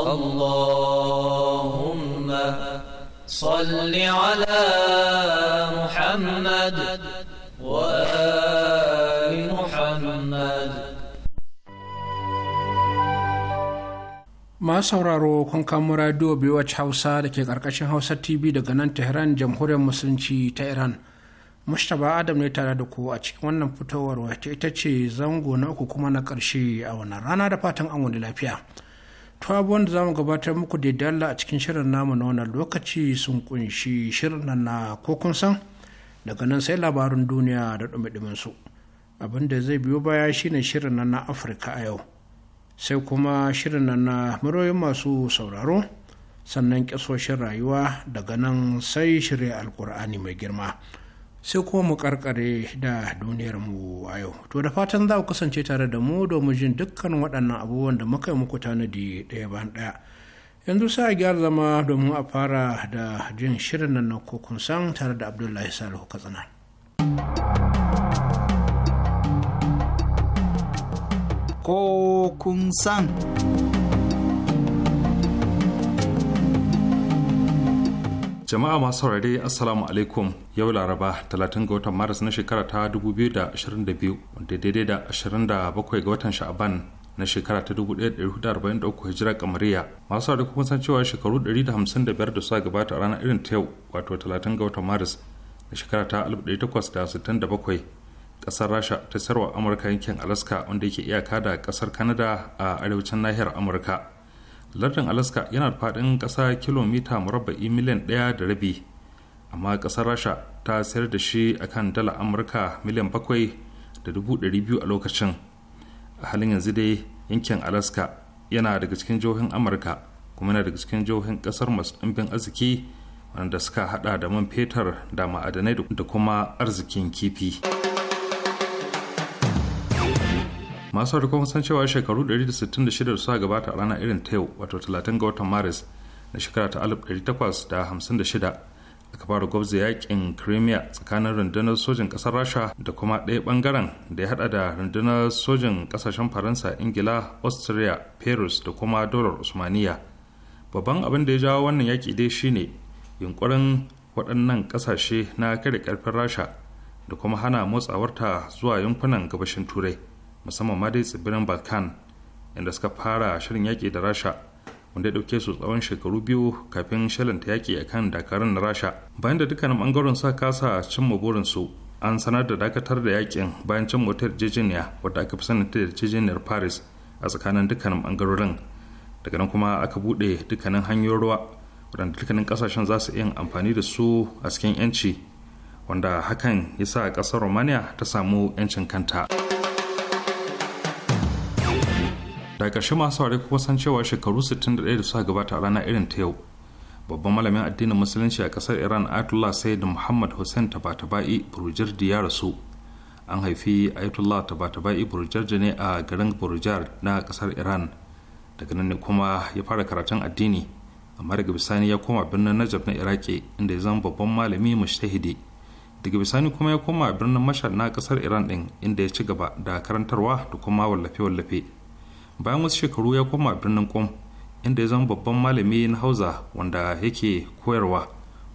اللهم صل على محمد وآل محمد ma sauraro kun kamo radio BOH Hausa da ke ƙarƙashin Hausa TV daga nan Tehran jamhuriyar Musulunci ta Iran. Mustapha Adam ne tare da ku a cikin wannan fitowar wacce ita ce zango na uku kuma na ƙarshe a wannan rana da fatan an wani lafiya. to abubuwan da za mu gabatar muku da dalla a cikin shirin namu na wannan lokaci sun kunshi shirin nan na daga nan sai labarin duniya da dumi su abin zai biyo baya shine shirin nan na afirka a yau sai kuma shirin nan na muryoyin masu sauraro sannan kyasoshin rayuwa daga nan sai shirin alkur'ani mai girma. sai kuma mu karkare da duniyar mu a yau to da fatan za ku kasance tare da mu domin jin dukkan waɗannan abubuwan da muka yi muku tanadi ɗaya bayan ɗaya yanzu sa a gyara zama domin a fara da jin shirin nan na kokun san tare da abdullahi salihu katsina kokun san jama'a masu saurare assalamu alaikum yau laraba 30 ga watan maris na shekara ta 2022 wanda daidai da 27 ga watan sha'aban na shekara ta 1443 hijira kamariya masu saurare kuma san cewa shekaru 155 da suka gabata a ranar irin ta yau wato 30 ga watan maris na shekara ta 1867 kasar rasha ta sarwa amurka yankin alaska wanda yake iyaka da kasar kanada a arewacin nahiyar amurka lardin alaska yana da faɗin ƙasa kilomita murabba'i miliyan ɗaya da rabi amma kasar rasha ta sayar da shi akan dala amurka miliyan bakwai da dubu ɗari biyu a lokacin a halin yanzu dai yankin alaska yana daga cikin jihohin amurka kuma yana daga cikin jihohin kasar masu ɗimbin arziki wanda suka hada da man fetur da ma'adanai da kuma arzikin kifi. masu harkar san cewa shekaru 166 suka gabata a ranar irin ta yau wato 30 ga watan maris na shekara ta 1856 aka fara gwabza yakin crimea tsakanin rundunar sojin kasar rasha da kuma ɗaya bangaren da ya hada da rundunar sojin kasashen faransa ingila austria perus da kuma dolar usmaniya babban abin da ya jawo wannan yaki dai shine yunkurin waɗannan ƙasashe na kare ƙarfin rasha da kuma hana motsawarta zuwa yankunan gabashin turai musamman ma dai tsibirin balkan inda suka fara shirin yaƙi da rasha wanda ya ɗauke su tsawon shekaru biyu kafin shalanta yaƙi a kan dakarun na rasha bayan da dukkanin ɓangaren sa kasa cimma burinsu an sanar da dakatar da yaƙin bayan cin wata yarjejeniya wadda aka fi sanin da yarjejeniyar paris a tsakanin dukkanin ɓangarorin daga nan kuma aka buɗe dukkanin hanyoyin ruwa waɗanda dukkanin ƙasashen za su iya amfani da su a cikin 'yanci wanda hakan ya sa ƙasar romania ta samu 'yancin kanta. da ƙarshe masu saurari kuma san cewa shekaru 61 da suka gabata a rana irin ta yau babban malamin addinin musulunci a ƙasar iran ayatollah sayyid muhammad hussein tabatabai burjar ya rasu an haifi ayatollah tabatabai burjar ne a garin burjar na ƙasar iran daga nan ne kuma ya fara karatun addini amma daga bisani ya koma birnin najab na iraki inda ya zama babban malami mushtahidi daga bisani kuma ya koma birnin mashhad na ƙasar iran ɗin inda ya ci gaba da karantarwa da kuma wallafe-wallafe bayan wasu shekaru ya koma birnin kom inda ya zama babban malami na hauza wanda yake koyarwa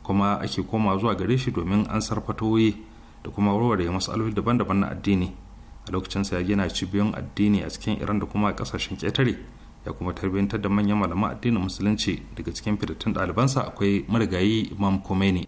kuma ake koma zuwa gare shi domin an sarfatoyi da kuma warware matsaloli daban-daban na addini a lokacin sa ya gina cibiyoyin addini a cikin iran da kuma kasashen ƙetare ya kuma tarbiyyantar da manyan malaman addinin musulunci daga cikin fitattun ɗalibansa akwai marigayi imam khomeini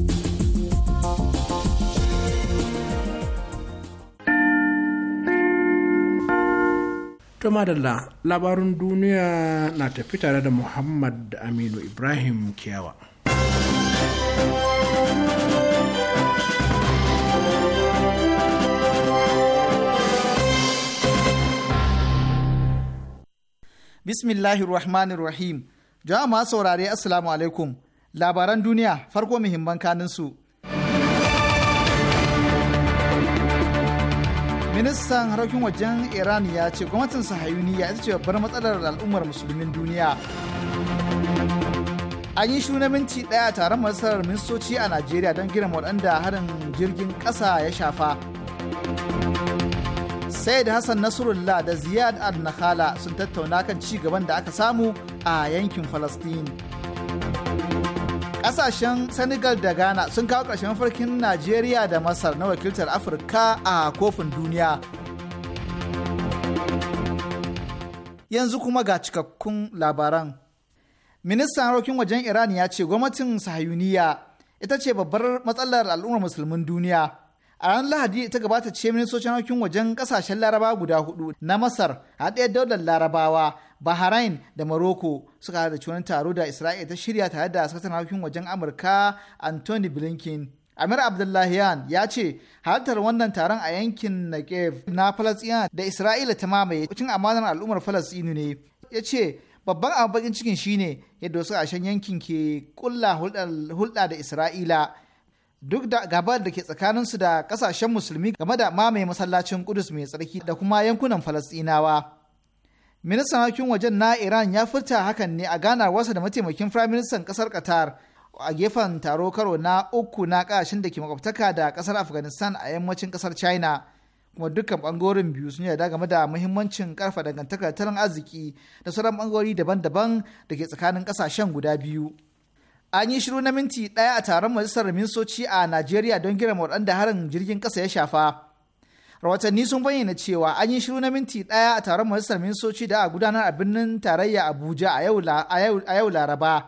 To madalla labarin duniya na tafi tare da Muhammad Aminu Ibrahim Kiyawa. Bismillahir Rahmanir Rahim. Jama'a saurare Assalamu alaikum. Labaran duniya farko muhimman su. ministan harkokin wajen iran ya ce gwamnatin sahayuniya ita ce babbar matsalar al'ummar musulmin duniya an yi shuna minti daya taron masarar ministoci a najeriya don gina waɗanda harin jirgin ƙasa ya shafa sai hassan nasrullah da ziyad al-nakhala sun tattauna kan ci gaban da aka samu a yankin falastin. Ƙasashen Senegal da Ghana sun kawo ƙarshen mafarkin Najeriya da Masar na wakiltar Afirka a kofin duniya. Yanzu kuma ga cikakkun labaran. Ministan harkokin wajen Iran ya ce gwamnatin sahayuniya ita ce babbar matsalar al'ummar musulmin duniya. a ranar lahadi ta gabata ce ministocin harkokin wajen ƙasashen laraba guda hudu na masar haɗe daular larabawa bahrain da morocco suka da cunan taro da isra'ila ta shirya tare da sakataren harkokin wajen amurka anthony blinken amir abdullahian ya ce halartar wannan taron a yankin naqev na Falasina da isra'ila ta mamaye cikin amanar al'ummar falasɗinu ne ya ce babban abu bakin cikin shine yadda wasu ƙarshen yankin ke kulla hulɗa da isra'ila duk da gabar da ke tsakanin su da kasashen musulmi game da mamaye masallacin kudus mai tsarki da kuma yankunan Falasinawa. ministan harkokin wajen na iran ya furta hakan ne a ganawarsa da mataimakin firaministan ƙasar qatar a gefen taro karo na uku na ƙasashen da ke makwabtaka da kasar afghanistan a yammacin ƙasar china kuma dukkan bangorin biyu sun yarda game da muhimmancin karfa dangantakar tattalin arziki da sauran bangarori daban-daban da ke tsakanin ƙasashen guda biyu an yi shiru na minti ɗaya a taron majalisar ministoci a najeriya don girma waɗanda harin jirgin ƙasa ya shafa rahotanni sun bayyana cewa an yi shiru na minti daya a taron majalisar ministoci da a gudanar a birnin tarayya abuja a yau laraba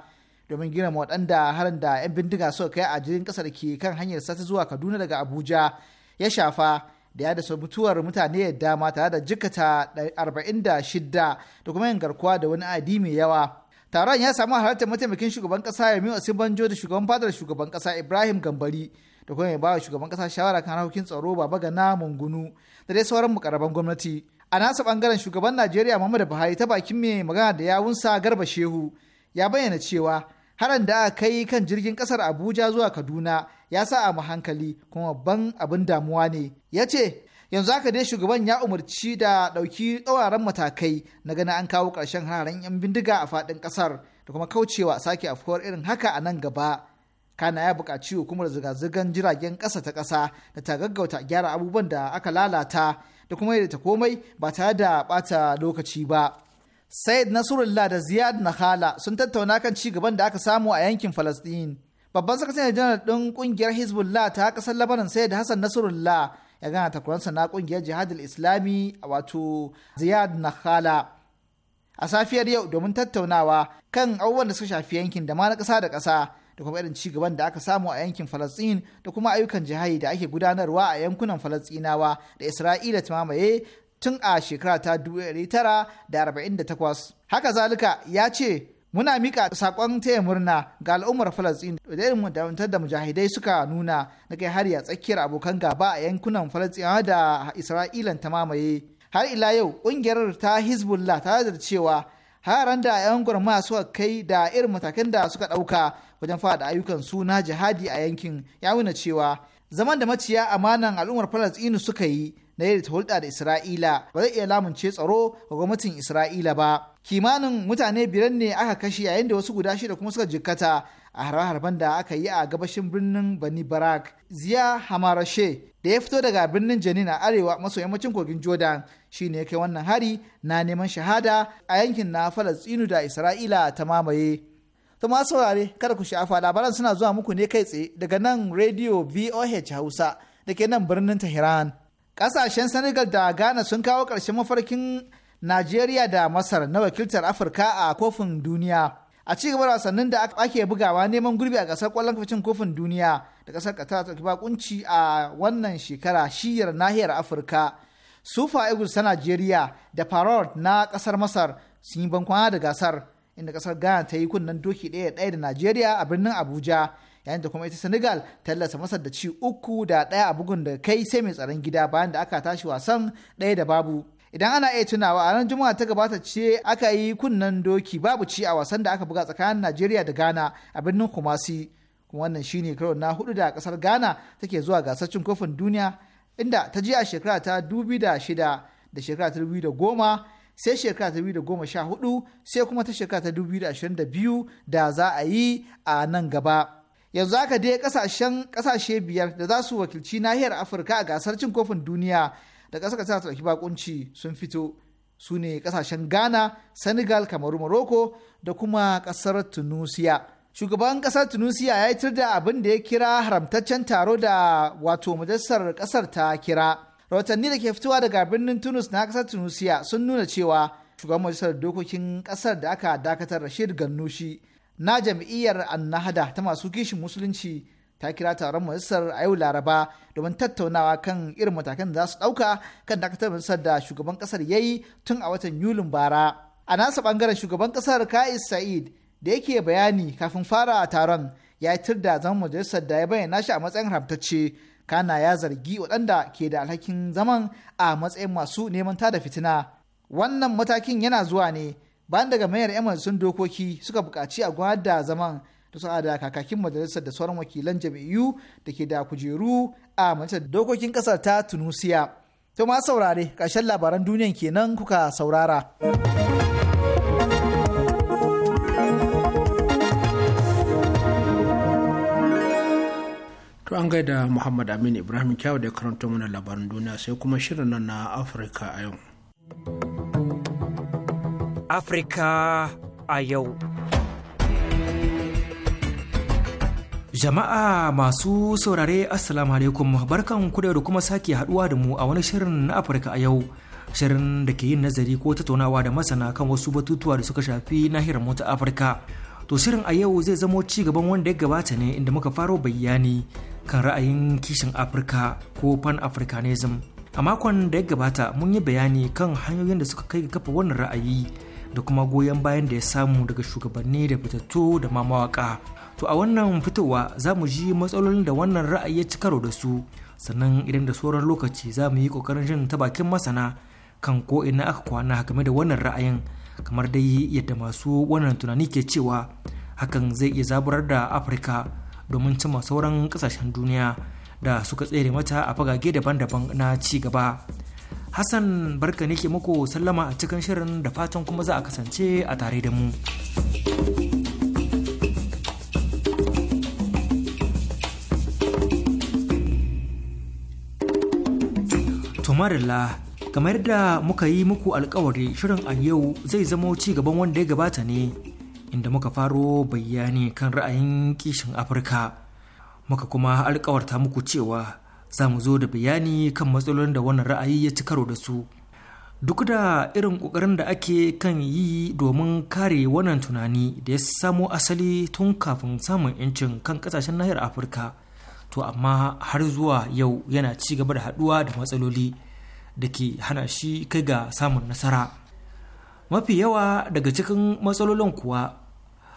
domin gina waɗanda harin da 'yan bindiga suka kai a jirgin ƙasar ke kan hanyar sata zuwa kaduna daga abuja ya shafa da ya da mutuwar mutane da dama tare da jikata 46 da kuma yin garkuwa da wani adi mai yawa taron ya samu halartar mataimakin shugaban kasa yami banjo da shugaban fadar shugaban kasa ibrahim gambari da kuma mai bawa shugaban kasa shawara kan harkokin tsaro baba ga namun gunu da dai sauran mukarraban gwamnati a nasa bangaren shugaban najeriya muhammadu buhari ta bakin mai magana da yawunsa garba shehu ya bayyana cewa haran da aka kai kan jirgin kasar abuja zuwa kaduna ya sa a hankali kuma babban abin damuwa ne ya ce yanzu haka dai shugaban ya umarci da ɗauki tsauraran matakai na ganin an kawo ƙarshen hararen 'yan bindiga a faɗin ƙasar da kuma kaucewa sake afkuwar irin haka a nan gaba kana ya buƙaci hukumar zirga-zirgar jiragen ƙasa ta kasa da ta gaggauta gyara abubuwan da aka lalata da kuma yadda ta komai ba tare da bata lokaci ba. Said Nasrullah da Ziyad Nahala sun tattauna kan ci gaban da aka samu a yankin Falasɗin. Babban sakataren janar ɗin ƙungiyar Hezbollah ta ƙasar Lebanon Said Hassan Nasrullah ya gana takwaransa na kungiyar Jihadul Islami wato Ziyad Nahala. A safiyar yau domin tattaunawa kan abubuwan da suka shafi yankin da ma na kasa da kasa. da kuma irin cigaban da aka samu a yankin falastin da kuma ayyukan jihadi da ake gudanarwa a yankunan falastinawa da isra'ila ta mamaye tun a shekara ta 1948 haka zalika ya ce muna mika sakon taya murna ga al'ummar falastin da irin damantar da mujahidai suka nuna na kai har ya tsakiyar abokan gaba a yankunan falastinawa da Isra'ila ta mamaye har ila yau ƙungiyar ta hezbollah ta cewa haran da 'yan gwarma suka kai da irin matakan da suka ɗauka wajen fada ayyukan su na jihadi a yankin ya nuna cewa zaman da maciya amanan al'ummar falastinu suka yi na yadda hulɗa da isra'ila ba zai iya lamunce tsaro ga gwamnatin isra'ila ba kimanin mutane biran ne aka kashe yayin da wasu guda shida kuma suka jikkata a harbe-harben da aka yi a gabashin birnin bani barak ziya hamarashe da ya fito daga birnin Janin a arewa maso yammacin kogin Jordan shi ne kai wannan hari na neman shahada a yankin na Falastinu da Isra'ila ta mamaye. To masu saurare kada ku sha'afa labaran suna zuwa muku ne kai tsaye daga nan Radio VOH Hausa da ke nan birnin Tehran. kasashen Senegal da Ghana sun kawo ƙarshen mafarkin Najeriya da Masar na wakiltar Afirka a kofin duniya. a ci gaba da wasannin da ake bugawa neman gurbi a gasar kwallon kafin kofin duniya da kasar qatar ta bakunci a wannan shekara shiyar nahiyar afirka sufa eagles ta nigeria da farod na kasar masar sun yi bankwana da gasar inda kasar ghana ta yi kunnen doki ɗaya ɗaya da nigeria a birnin abuja yayin da kuma ita senegal tallasa masar da ci uku da ɗaya a bugun da kai sai mai tsaron gida bayan da aka tashi wasan ɗaya da babu idan ana iya tunawa a ran juma'a ta gabata ce aka yi kunnen doki babu ci a wasan da aka buga tsakanin najeriya da ghana a birnin kumasi kuma wannan shine karo na hudu da kasar ghana take zuwa gasar cin kofin duniya inda ta ji a shekara ta dubi da shida da shekara ta dubi da goma sai shekara ta dubi da goma sha hudu sai kuma ta shekara ta dubi da ashirin da biyu da za a yi a nan gaba yanzu haka dai kasashen kasashe biyar da za su wakilci nahiyar afirka a gasar cin kofin duniya da ƙasar ƙasa ta ɗauki bakunci sun fito su ne ƙasashen ghana senegal kamaru morocco da kuma ƙasar tunisia shugaban ƙasar tunisia ya yi da abin da ya kira haramtaccen taro da wato majalisar ƙasar ta kira rahotanni da ke fitowa daga birnin tunis na ƙasar tunisia sun nuna cewa shugaban majalisar dokokin ƙasar da aka dakatar rashid gannushi na jam'iyyar annahada ta masu kishin musulunci ta kira taron majalisar a yau laraba domin tattaunawa kan irin matakan da za su ɗauka kan dakatar majalisar da shugaban ƙasar yayi tun a watan yulin bara a nasa ɓangaren shugaban ƙasar ka'is sa'id da yake bayani kafin fara taron ya yi tir da zaman majalisar da ya bayyana shi a matsayin haramtacce kana ya zargi waɗanda ke da alhakin zaman a matsayin masu neman da fitina wannan matakin yana zuwa ne bayan daga mayar 'yan majalisun dokoki suka buƙaci a gwada zaman da su da kakakin majalisar da sauran wakilan jam'iyyu da ke da kujeru a majalisar dokokin kasar ta tunusiya to ma saurare ƙarshen labaran duniyan kenan kuka saurara to an gaida muhammad aminu ibrahim kyawu da karanto mana labaran duniya sai kuma shirin nan na afirka a yau afirka a yau Jama'a masu saurare Assalamu alaikum barkan ku da kuma sake haduwa da mu a wani shirin na Afirka a yau. Shirin da ke yin nazari ko tattaunawa da masana kan wasu batutuwa da suka shafi nahiyar mu ta Afirka. To shirin a yau zai zamo ci gaban wanda ya gabata ne inda muka faro bayani kan ra'ayin kishin Afirka ko pan-Africanism. A makon da ya gabata mun yi bayani kan hanyoyin da suka kai ga kafa wannan ra'ayi da kuma goyon bayan da ya samu daga shugabanni da fitattu da ma mawaka. To a wannan fitowa za mu ji matsalolin da wannan ra'ayi ya ci karo da su sannan idan da sauran lokaci za mu yi kokarin jin ta bakin masana kan ko ina aka kwana game da wannan ra'ayin kamar dai yadda masu wannan tunani ke cewa hakan zai iya zaburar da afirka domin cimma sauran kasashen duniya da suka tsere mata a fagage daban-daban na ci gaba. Hassan barka ne ke muku sallama a cikin shirin da fatan kuma za a kasance a tare da mu. Marilla, kamar da muka yi muku alkawari shirin a yau zai zamo ci gaban wanda ya gabata ne inda muka faro bayani kan ra'ayin kishin Afirka. Muka kuma alkawarta muku cewa za mu zo da bayani kan matsalolin da wannan ra'ayi ya ci karo da su. Duk da irin ƙoƙarin da ake kan yi domin kare wannan tunani da ya samo asali tun kafin samun 'yancin kan ƙasashen nahiyar Afirka. to amma har zuwa yau yana ci gaba da haɗuwa da matsaloli da ke hana shi kai ga samun nasara mafi yawa daga cikin matsalolin kuwa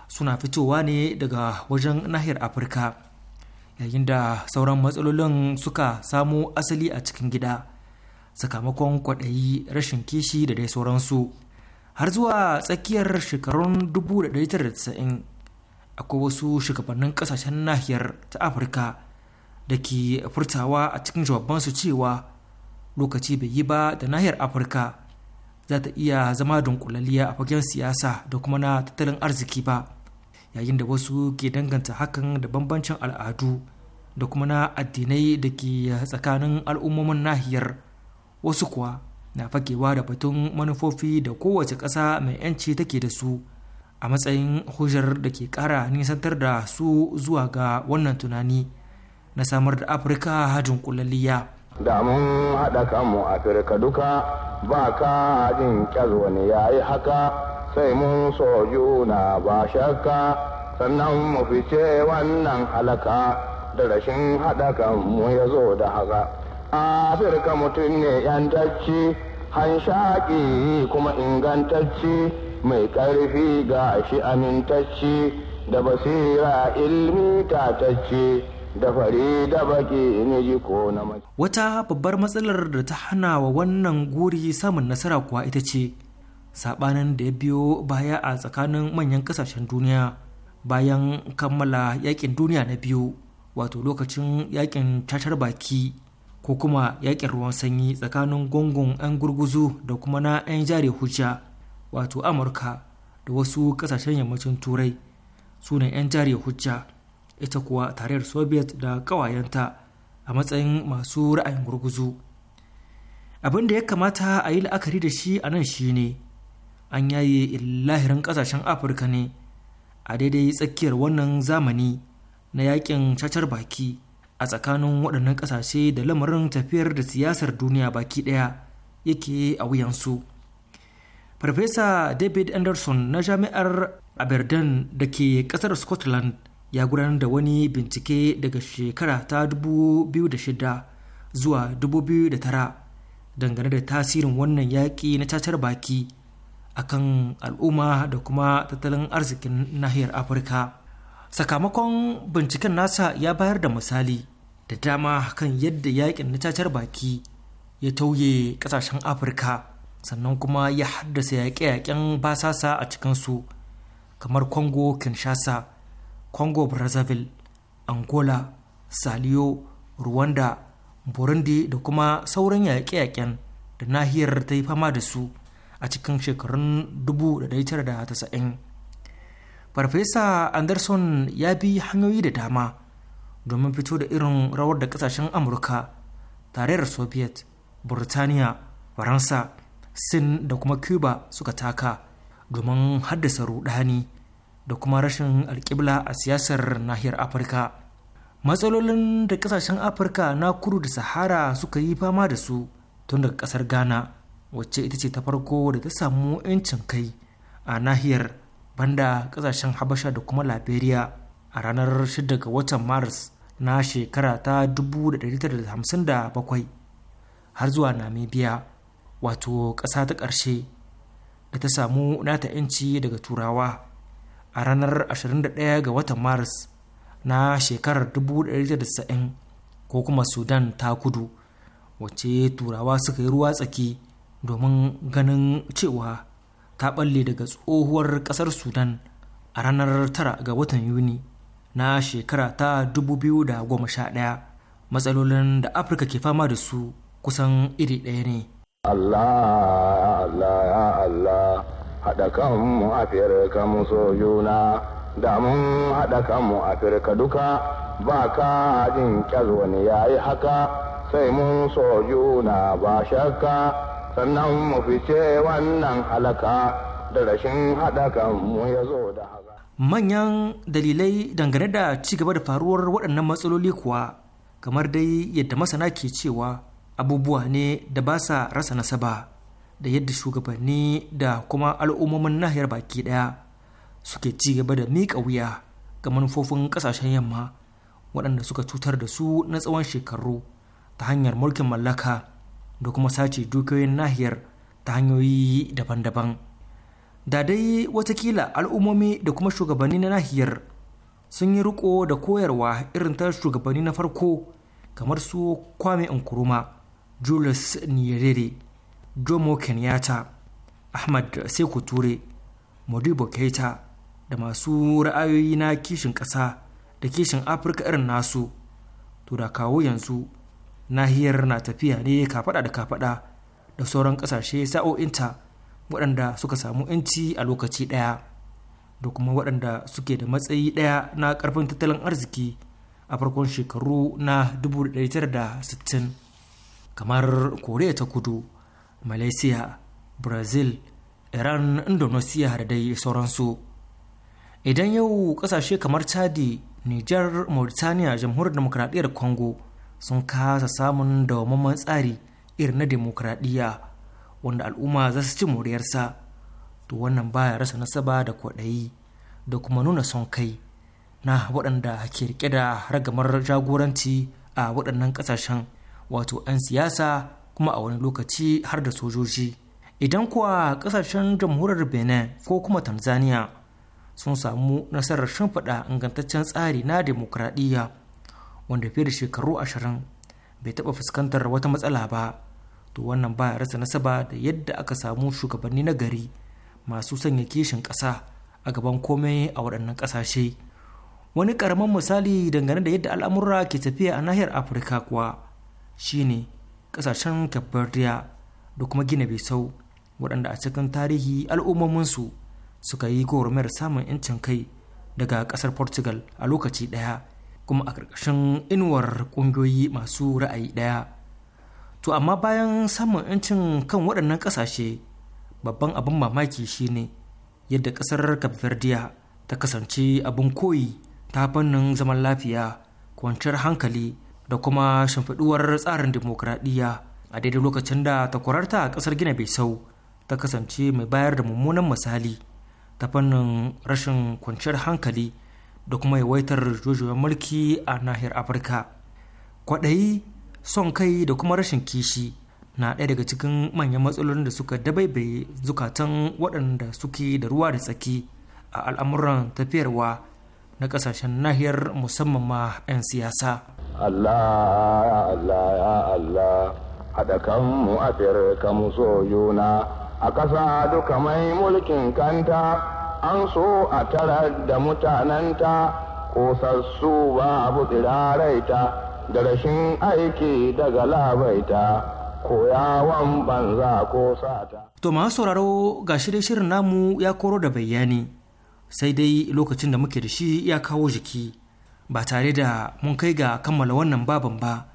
suna fitowa ne daga wajen nahiyar afirka yayin da sauran matsalolin suka samo asali a cikin gida sakamakon kwaɗayi rashin kishi da dai sauransu har zuwa tsakiyar shekarun 1990 akwai wasu shugabannin ƙasashen nahiyar ta afirka da ke furtawa a cikin jawabansu cewa lokaci bai yi ba da nahiyar afirka za ta iya zama dunkulaliya a fagen siyasa da kuma na tattalin arziki ba yayin da wasu ke danganta hakan da bambancin al'adu da kuma na addinai da ke tsakanin al'ummomin nahiyar wasu kuwa na fakewa da batun manufofi da kowace ƙasa mai 'yanci take da su a matsayin hujjar da ke ƙara nisantar da su zuwa ga wannan tunani na samar da afirka hajjin kullalliya da mun haɗa kanmu a firka duka ba ka jin wani ya yi haka sai mun so juna ba shakka sannan mu fice wannan halaka da rashin haɗa kanmu ya zo da haka A afirka mutum ne yantacci hanshaƙi kuma ingantacci mai ƙarfi ga shi amintacci da basira ilmi tatacci da da baki in ji ko na Wata babbar matsalar da ta hana wa wannan guri samun nasara kuwa ita ce sabanin da ya biyo baya a tsakanin manyan kasashen duniya bayan kammala yakin duniya na biyu wato lokacin yakin tatar baki ko kuma yakin ruwan sanyi tsakanin gungun 'yan gurguzu da kuma na 'yan jari hujja wato amurka da wasu kasashen yammacin turai sunan 'yan jari hujja ita kuwa tarayyar soviet da ƙawayenta a matsayin masu ra'ayin gurguzu abin da ya kamata a yi la'akari da shi a nan shine an yaye lahirin kasashen afirka ne a daidai tsakiyar wannan zamani na yakin cacar baki a tsakanin waɗannan ƙasashe da lamarin tafiyar da siyasar duniya baki ɗaya yake a wuyansu farfesa david anderson na jami'ar aberdeen da ke ƙasar scotland ya gudanar da wani bincike daga shekara ta 2006 zuwa 2009 dangane da tasirin wannan yaƙi na cacar baki akan al'umma da kuma tattalin arzikin nahiyar afirka sakamakon binciken nasa ya bayar da misali da dama kan yadda yaƙin na cacar baki ya tauye ƙasashen afirka sannan kuma ya haddasa yaƙe-yaƙen basasa a cikinsu kamar kongo kinshasa congo brazzaville angola salio rwanda burundi da kuma sauran yaƙe-yaƙen da nahiyar ta yi fama da su a cikin shekarun 1990 farfesa anderson ya bi hanyoyi da dama domin fito da irin rawar da kasashen amurka tarayyar soviet burtaniya faransa sin da kuma cuba suka taka domin haddasa rudani da kuma rashin alkibla a siyasar nahiyar afirka matsalolin da kasashen afirka na kudu da sahara suka yi fama da su tun daga kasar ghana wacce ita ce ta farko da ta samu 'yancin kai a nahiyar banda kasashen habasha da kuma liberia a ranar 6 ga watan maris na shekara ta 1957 har zuwa namibia wato ƙasa ta ƙarshe da ta samu nata 'yanci daga turawa a ranar 21 ga watan maris na shekarar 1990 ko kuma sudan ta kudu wace turawa suka yi ruwa tsaki domin ganin cewa ta balle daga tsohuwar kasar sudan a ranar 9 ga watan yuni na shekara ta 2011 matsalolin da afirka ke fama da su kusan iri ɗaya ne Allah Allah Allah haɗa kanmu afirka mu so juna da mun haɗa kanmu afirka duka ba ka jin ƙyar wani ya yi haka sai mun so juna ba shakka sannan mu fice wannan halaka da rashin haɗa kanmu ya zo da haka. Manyan dalilai dangane da ci gaba da faruwar waɗannan matsaloli kuwa kamar dai yadda masana ke cewa abubuwa ne da ba sa rasa nasaba. da yadda shugabanni da kuma al'ummomin nahiyar baki daya suke ci gaba da miƙa wuya ga manufofin ƙasashen yamma waɗanda suka cutar da su na tsawon shekaru ta hanyar mulkin mallaka da kuma sace dukiyoyin nahiyar ta hanyoyi daban-daban da dai watakila al'ummomi da kuma shugabanni na nahiyar sun yi riko da koyarwa irin ta shugabanni na farko kamar su kwame nkrumah julius nyerere jomo kenyatta ahmad seku ture modibo keita da masu ra'ayoyi na kishin ƙasa da kishin afirka irin nasu to da kawo yanzu nahiyar na tafiya ne kafaɗa da kafaɗa da sauran ƙasashe sa'o'inta waɗanda suka samu inci a lokaci ɗaya da kuma waɗanda suke da matsayi ɗaya na ƙarfin tattalin arziki a farkon shekaru na 1960 kamar koriya ta kudu malaysia brazil iran indonesia da dai sauransu idan yau kasashe kamar chadi niger mauritania jamhuriyar demokradiyyar congo sun kasa samun dawamamman tsari irin na demokradiyya wanda al'umma za su ci moriyarsa to wannan baya rasa nasaba da kwaɗayi da kuma nuna son kai na waɗanda ke rike da ragamar jagoranci a waɗannan ƙasashen wato 'yan siyasa kuma a wani lokaci har da sojoji idan kuwa kasashen jamhuriyar benin ko kuma tanzania sun samu nasarar shimfiɗa ingantaccen tsari na demokradiyya wanda fiye da shekaru ashirin bai taɓa fuskantar wata matsala ba to wannan ba rasa nasaba da yadda aka samu shugabanni na gari masu sanya kishin ƙasa a gaban komai a waɗannan ƙasashe wani ƙaramin misali dangane da yadda al'amura ke tafiya a nahiyar afirka kuwa shine ƙasashen capverdia da kuma gina bisau waɗanda a cikin tarihi al'ummominsu suka yi gwagwarmayar samun 'yancin kai daga ƙasar portugal a lokaci ɗaya kuma a ƙarƙashin inuwar ƙungiyoyi masu ra'ayi ɗaya to amma bayan samun 'yancin kan waɗannan ƙasashe babban abin mamaki shine yadda ƙasar capverdia ta kasance abin koyi ta fannin zaman lafiya kwanciyar hankali da kuma shimfiduwar tsarin dimokuraɗiyya a daidai lokacin da takwararta a kasar gina bisau ta kasance mai bayar da mummunan misali ta fannin rashin kwanciyar hankali da kuma yawaitar jujuyar mulki a nahiyar afirka kwaɗayi son kai da kuma rashin kishi na ɗaya daga cikin manyan matsalolin da suka dabaibaye zukatan waɗanda suke da ruwa da tsaki a al'amuran tafiyarwa na kasashen nahiyar musamman ma 'yan siyasa. Allah ya Allah ya Allah haɗa kanmu ka mu so yuna a ƙasa duka mai mulkin kanta an so a tarar da mutananta sassu ba abu tsiraraita da rashin aiki daga labaita koyawan banza ko sata. To masu sauraro ga shirin namu ya koro da bayani. sai dai lokacin da muke da shi ya kawo jiki ba tare da mun kai ga kammala wannan baban ba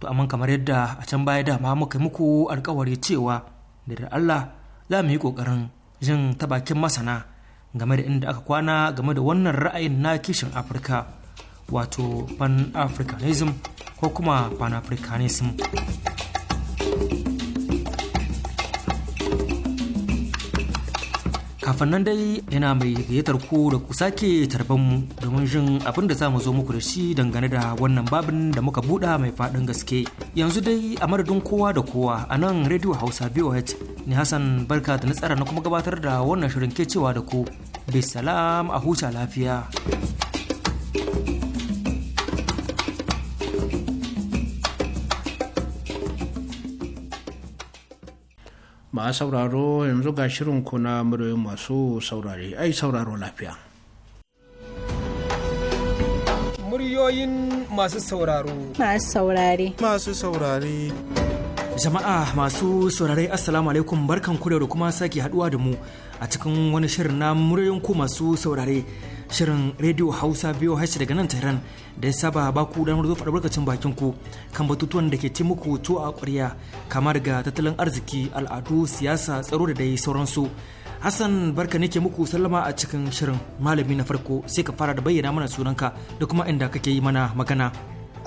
to amma kamar yadda a can baya dama muka muku alkawari cewa da Allah za mu yi ƙoƙarin jin ta masana game da inda aka kwana game da wannan ra'ayin na kishin afirka wato pan-africanism ko kuma pan-africanism kafin nan dai yana mai gayyatar ku da ku sake tarban mu domin jin abin da za mu zo muku da shi dangane da wannan babin da muka buɗa mai faɗin gaske yanzu dai a madadin kowa da kowa a nan radio hausa voh ni hassan barka da na tsara na kuma gabatar da wannan shirin ke cewa da ku bisalam a huta lafiya. masu sauraro yanzu ga shirin kuna muryoyi masu saurare ai sauraro lafiya muryoyin masu sauraro masu saurare masu saurare jama'a masu saurare assalamu alaikum barkan kure da kuma sake haduwa da mu a cikin wani shirin na muryoyin ku masu saurare shirin rediyo hausa biyu hashe daga nan tehran da ya saba ba ku damar zo albarkacin bakin ku kan batutuwan da ke ci muku to a ƙwarya kama daga tattalin arziki al'adu siyasa tsaro da dai sauransu hassan barka ne muku sallama a cikin shirin malami na farko sai ka fara da bayyana mana sunanka da kuma inda kake yi mana magana.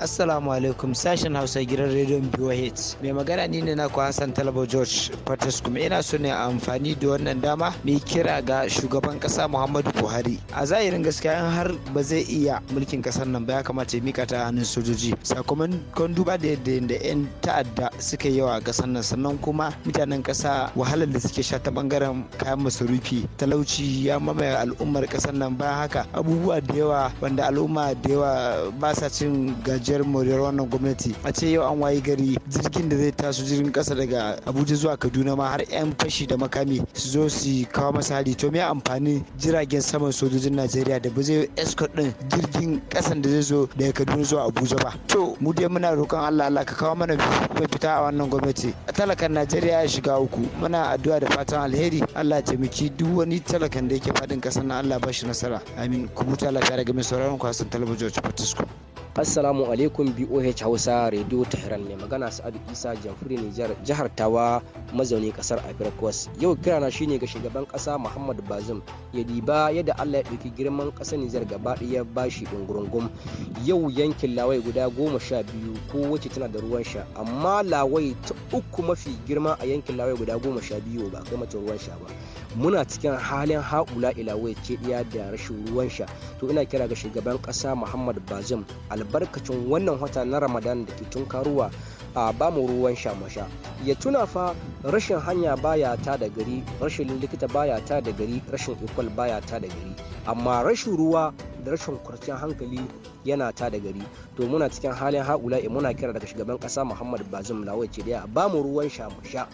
assalamu alaikum sashen hausa gidan rediyon BOH mai magana ni ne naku Hassan Talabo George Fortes kuma ina so ne amfani da wannan dama mai kira ga shugaban kasa Muhammadu Buhari a zahirin gaskiya in har ba zai iya mulkin kasar nan ba ya kamata ya mika ta hannun sojoji sakamakon duba da yadda yan ta'adda suka yi yawa a kasar nan sannan kuma mutanen kasa wahalar da suke sha ta bangaren kayan masarufi talauci ya mamaye al'ummar kasar nan bayan haka abubuwa da yawa wanda al'umma da yawa ba sa cin gaji ciyar moriyar wannan gwamnati a ce yau an wayi gari jirgin da zai taso jirgin kasa daga abuja zuwa kaduna ma har yan fashi da makami su zo su kawo masa hali to me amfanin jiragen saman sojojin najeriya da ba zai escort din jirgin kasan da zai zo daga kaduna zuwa abuja ba to mu dai muna roƙon allah allah ka kawo mana fita a wannan gwamnati a talakan najeriya ya shiga uku muna addu'a da fatan alheri allah ya taimaki duk wani talakan da yake faɗin ƙasar na allah ba shi nasara amin ku huta lafiya daga mai sauraron kwasan talabijin wacce Assalamu alaikum BOH Hausa Radio Tehran mai magana Sa'adu Isa Jamfuri Nijar jihar Tawa mazauni kasar Afirkos. Yau kirana shine ga shugaban kasa Muhammad Bazum ya diba yadda Allah ya ɗauki girman ƙasar Nijar gaba ɗaya bashi ɗungurungum. Yau yankin Lawai guda goma sha biyu ko wacce tana da ruwan sha amma Lawai ta uku mafi girma a yankin Lawai guda goma sha biyu ba kai mata ruwan sha ba. muna cikin halin haula ilawai ce iya da rashin ruwan sha to ina kira ga shugaban kasa muhammad bazum albarkacin wannan wata na ramadan da ke karuwa a ba mu ruwan sha masha ya tuna fa rashin hanya baya ta da gari rashin likita baya ta da gari rashin ikwal baya ta da gari amma rashin ruwa da rashin kwarcin hankali yana ta da gari to muna cikin halin haula muna kira daga shugaban kasa muhammad bazum lawai ce da ba mu ruwan sha masha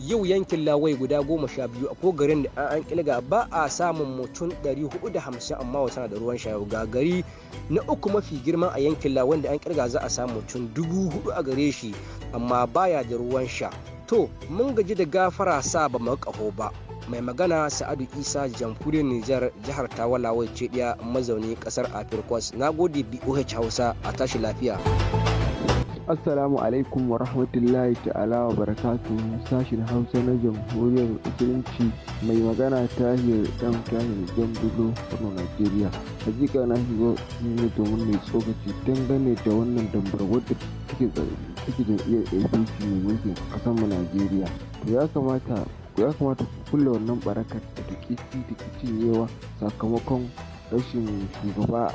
yau yankin lawai guda goma sha biyu a garin da an kilga ba a samun mutum 450 amma wata da ruwan shayo ga gari na uku mafi girma a yankin lawan da an kirga za a samu mutum dubu hudu a gare shi amma baya da ruwan sha to mun gaji da gafara sa ba mu kaho ba mai magana sa'adu isa jamhuriyar nijar jihar tawalawai ce mazauni kasar afirkos na gode boh hausa a tashi lafiya Assalamu alaikum wa rahmatullahi ta'ala wa barakatu sashen Hausa na jamhuriyar Musulunci mai magana tahir dan tahir jambulo nigeria Najeriya. Hakika na shigo ne domin mai tsokaci dangane da wannan dambar wadda take take jam'iyyar APC mai mulkin ƙasar mu nigeria To ya kamata ya kamata ku kulle wannan barakar da take ci da cinyewa sakamakon rashin shugaba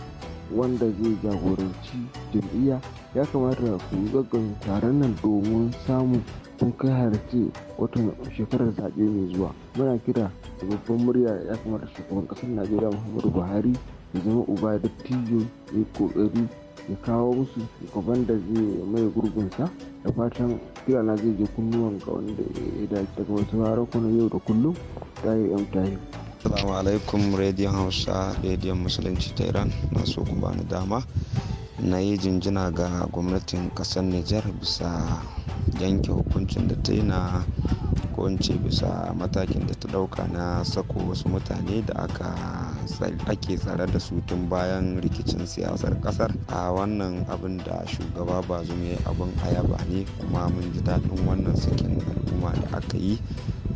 wanda zai jagoranci jam'iyya ya kamata ku yi gaggan taron nan domin samun kun kai halarci watan shekarar zaɓe mai zuwa muna kira da babban murya ya kamata shugaban ƙasar najeriya muhammadu buhari ya zama uba da tijo ya ƙoƙari ya kawo musu gaban da zai mai gurgunsa da fatan kira na zai je kunnuwan ga wanda ya dace daga wasu harakunan yau da kullum ta yi yan tayi. Assalamu alaikum Radio Hausa Radio Musulunci ta Iran na so ku bani dama na yi jinjina ga gwamnatin kasar Nijar bisa yanke hukuncin da ta yi na kunce bisa matakin da ta dauka na sako wasu mutane da aka ake tsare da su tun bayan rikicin siyasar kasar a wannan abin da shugaba ba bazume abin ayaba ne kuma mun ji daɗin wannan sakin al'umma da aka yi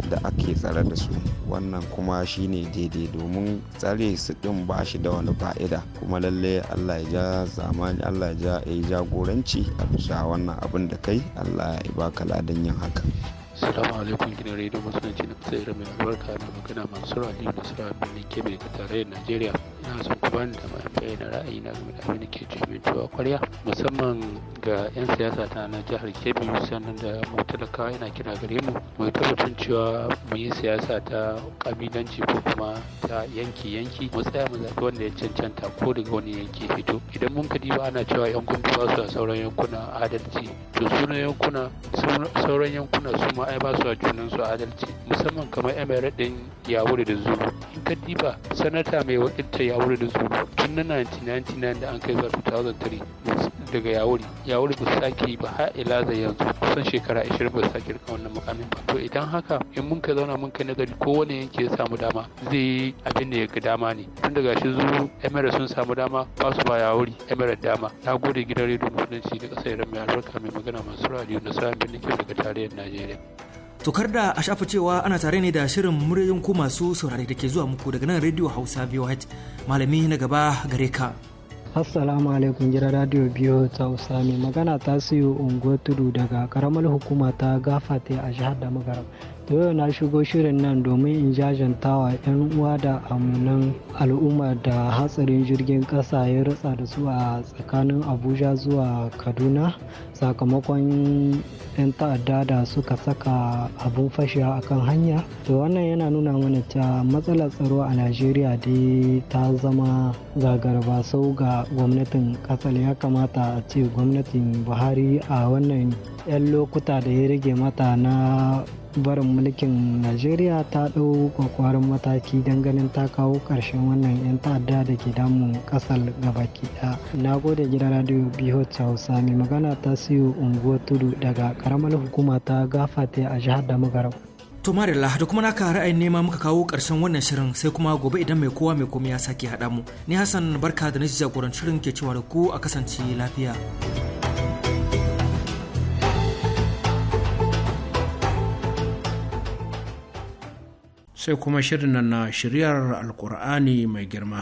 da ake tsare da su wannan kuma shine daidai domin tsare su din ba shi da wani fa'ida kuma lallai allah ya ja zamani allah ya ja jagoranci a bisa wannan abin da kai allah ya ba ka ladan yin haka Assalamu alaikum gidan rediyo musulunci na kasar mai albarka mai magana masu Aliyu a Sura Birnin Kebbi daga tarayyar Najeriya. Ina son ku bani da ma'amfai na ra'ayi na game da abin da ke jimin tuwa kwarya musamman ga 'yan siyasa ta na jihar Kebbi sannan da mu talakawa ina kira gare mu mu tabbatar cewa mu yi siyasa ta kabilanci ko kuma ta yanki-yanki mu tsaya mu zaɓi wanda ya cancanta ko daga wani yanki fito. Idan mun kadi ba ana cewa 'yan kudu ba su a sauran yankuna adalci to sunan yankuna sauran yankuna su ma ai ba su a junan su adalci musamman kamar emirate din yawuri da zulu in ka diba sanata mai wakiltar yawuri da zulu tun na 1999 da an kai zuwa 2003 daga yawuri yawuri ba sake ba ha ila da yanzu kusan shekara 20 ba sake rika wannan mukamin ba to idan haka in mun ka zauna mun kai nagari kowane yanki ya samu dama zai yi abin da ya ga dama ne tun daga shi zulu emirate sun samu dama ba su ba yawuri emirate dama na gode gidan rediyo musulunci da kasar mai albarka mai magana masu radiyo na sa'ad da nake daga tarayyar najeriya Tokar da a shafa cewa ana tare ne da shirin muryoyin ku masu saurare da ke zuwa muku daga nan Radio Hausa VOH malami na gaba gare ka. Assalamu alaikum gidan radio biyu ta mai magana ta siyo unguwar tudu daga karamar hukuma ta gafa ta a jihar da magaram yau na shigo shirin nan domin in jajanta 'yan uwa da amunan al'umma da hatsarin jirgin ƙasa ya ratsa da su a tsakanin abuja zuwa kaduna sakamakon 'yan ta'adda da suka saka abin fashiya kan hanya to wannan yana nuna mana ta matsalar tsaro a najeriya dai ta zama zagarba sau ga gwamnatin ƙasar ya kamata a ce gwamnatin buhari a wannan 'yan lokuta da ya rage mata na barin mulkin najeriya ta ɗau kwakwarin mataki don ganin ta kawo karshen wannan 'yan ta'adda da ke damun ƙasar gabaki ɗaya na gode gidan radio bihot hausa mai magana ta siyo unguwar tudu daga karamar hukuma ta ta a jihar damagaram To Marilla da kuma naka ra'ayin nema muka kawo ƙarshen wannan shirin sai kuma gobe idan mai kowa mai komai ya sake haɗa mu. Ni Hassan barka da na jagorancin shirin ke cewa da ku a kasance lafiya. sai kuma shirin na shiryar alkur'ani mai girma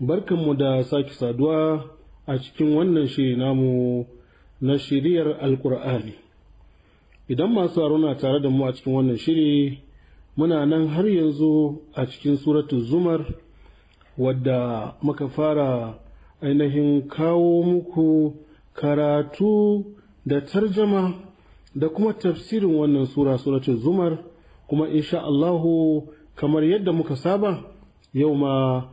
Barkanmu da sake saduwa a cikin wannan shiri namu na shiriyar alkur'ani Idan masu na tare da mu a cikin wannan shiri, muna nan har yanzu a cikin suratun Zumar wadda muka fara ainihin kawo muku karatu da tarjama da kuma tafsirin wannan sura suratun Zumar, kuma insha Allahu kamar yadda muka saba yau ma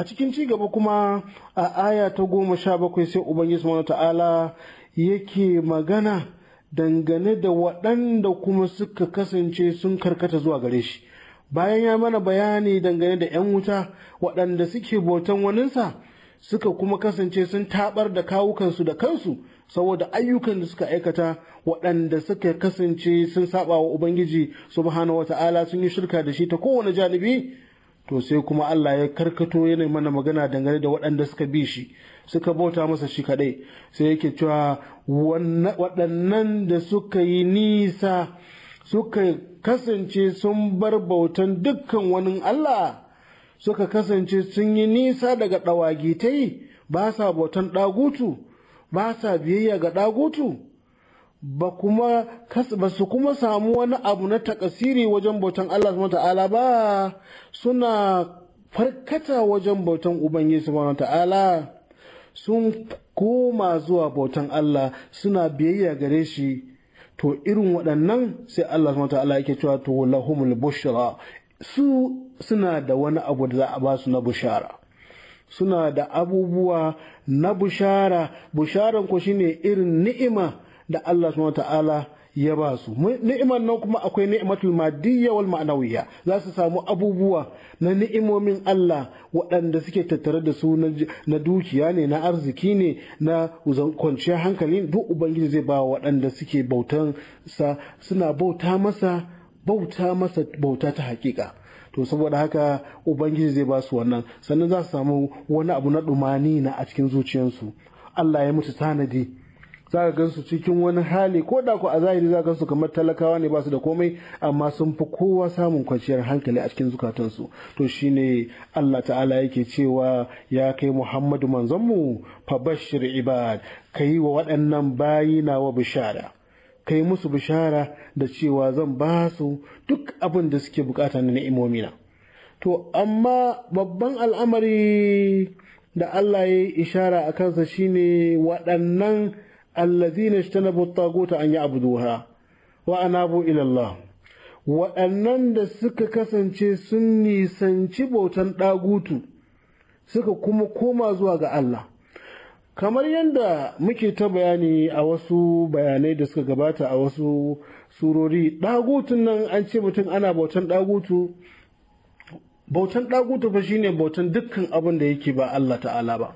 a cikin ci gaba kuma a aya ta goma sha bakwai sai ubangiji subhanahu ta'ala yake magana dangane da waɗanda kuma suka kasance sun karkata zuwa gare shi bayan ya mana bayani dangane da 'yan wuta waɗanda suke bautan waninsa suka kuma kasance sun tabar da kawukansu da kansu saboda ayyukan da suka aikata waɗanda suka kasance sun saba wa ubangiji subhanahu ta'ala sun yi shirka da shi ta kowane janibi to sai kuma Allah ya karkato yana mana magana dangane da waɗanda suka bi shi suka bauta masa shi kaɗai sai yake cewa waɗannan da suka yi nisa suka kasance sun bar bautan dukkan wani Allah suka kasance sun yi nisa daga ɗawagitai ba sa bautan ɗagutu ba sa biyayya ga ɗagutu ba kuma ba su kuma samu wani abu na takasiri wajen bautan Allah subhanahu ta'ala ba suna farkata wajen bautan Ubangiji subhanahu ta'ala sun koma zuwa bautan Allah suna biyayya gare shi to irin waɗannan sai Allah subhanahu ta'ala yake cewa to lahumul bushra su suna da wani abu da za a ba su na bushara suna da abubuwa na bushara bushara ko shine irin ni'ima da Allah subhanahu ta'ala ya ba su ni'imar nan kuma akwai ni'imatul madiyya wal ma'nawiyya za su samu abubuwa na ni'imomin Allah waɗanda suke tattare da su na dukiya ne na arziki ne na kwanciyar hankali duk ubangiji zai ba waɗanda suke bautan sa suna bauta masa bauta masa bauta ta hakika to saboda haka ubangiji zai ba su wannan sannan za su samu wani abu na dumani na a cikin zuciyarsu Allah ya mutu tanadi za ka gansu cikin wani hali ko da ku a zahiri za ka gansu kamar talakawa ne ba su da komai amma sun fi kowa samun kwanciyar hankali a cikin zukatansu to shine Allah ta'ala yake cewa ya kai Muhammadu manzonmu fa bashir ibad kai wa waɗannan bayi wa bishara kai musu bishara da cewa zan ba su duk abin da suke bukata na ni'imomina to amma babban al'amari da Allah ya yi ishara a kansa shine waɗannan alladhina ijtanabu at-taguta an ya'buduha wa anabu ila Allah waɗannan da suka kasance sun nisanci bautan ɗagutu suka kuma koma zuwa ga Allah kamar yadda muke ta bayani a wasu bayanai da suka gabata a wasu surori ɗagutun nan an ce mutum ana bautan ɗagutu bautan ɗagutu fa shine bautan dukkan abin da yake ba Allah ta'ala ba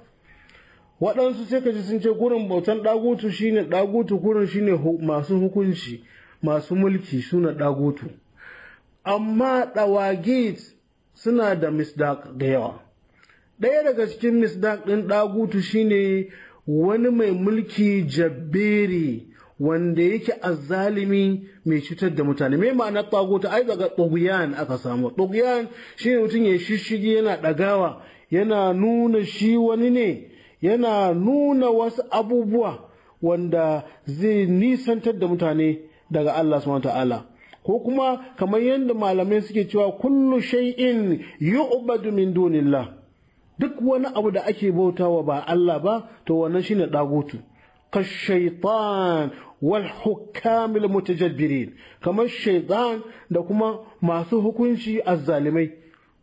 waɗansu sai ka ji sun ce gurin bautan ɗagutu shine ɗagutu gurin shine masu hukunci masu mulki suna ɗagutu amma ɗawagit suna da misdaq da yawa ɗaya daga cikin misdaq ɗin ɗagutu shine wani mai mulki jabberi wanda yake azalimi mai cutar da mutane mai ma'ana ɗagutu ai daga tsogiyan aka samu tsogiyan shine mutum ya shishigi yana ɗagawa yana nuna shi wani ne yana nuna wasu abubuwa wanda zai nisantar da mutane daga Allah subhanahu ta'ala ko kuma kamar yadda malamai suke cewa kullu shay'in yu'badu min dunillah duk wani abu da ake bautawa ba Allah ba to wannan shine dagutu kashaitan wal hukamil mutajabbirin kamar shaitan da kuma masu hukunci azzalimai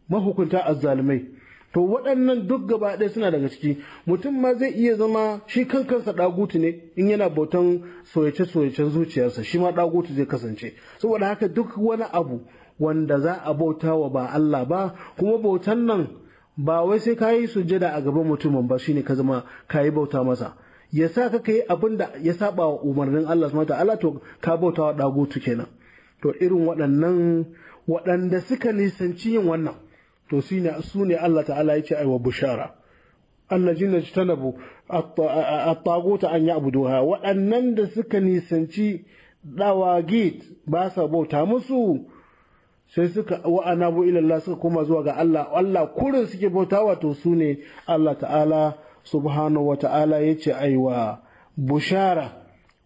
mahukunta azzalimai to waɗannan duk gaba ɗaya suna daga ciki mutum ma zai iya zama shi kan kansa ɗagutu ne in yana bautan soyace-soyacen zuciyarsa shi ma ɗagutu zai kasance saboda haka duk wani abu wanda za a bauta wa ba Allah ba kuma bautan nan ba wai sai ka yi sujada a gaban mutumin ba shine ka zama ka yi bauta masa ya sa ka yi abin da ya saba wa umarnin Allah mata ta'ala to ka bauta wa ɗagutu kenan to irin waɗannan waɗanda suka nisanci yin wannan to su ne Allah ta'ala ya ce aiwa bushara allajin tanabu at-taguta an ya'buduha waɗannan da suka nisanci dawagit ba sa bauta musu sai suka wa'ana bu ilallah suka koma zuwa ga Allah Allah kurin suke bauta wato su ne Allah ta'ala subhanahu wa ta'ala ya ce aiwa bushara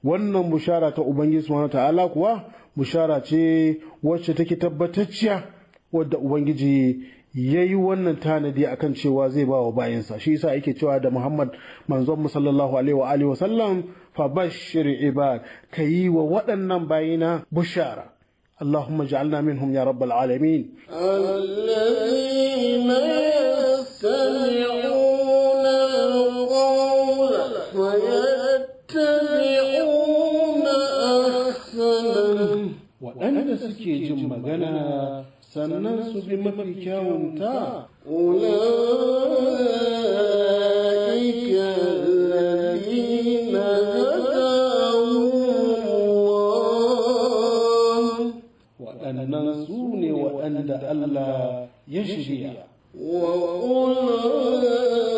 wannan bushara ta ubangiji subhanahu ta'ala kuwa bushara ce wacce take tabbatacciya wadda ubangiji yayi wannan tanadi akan cewa zai ba wa bayansa shi yasa yake cewa da muhammad manzon mu sallallahu alaihi wa alihi wasallam fa bashir ibad ka wa waɗannan bayina bushara اللهم اجعلنا منهم يا رب العالمين الذين يستمعون القول ويتبعون أحسنه وأن سكي جم sannan su bi أولئك الذين هداهم الله وأن سوني وأن الله يشجع وأولئك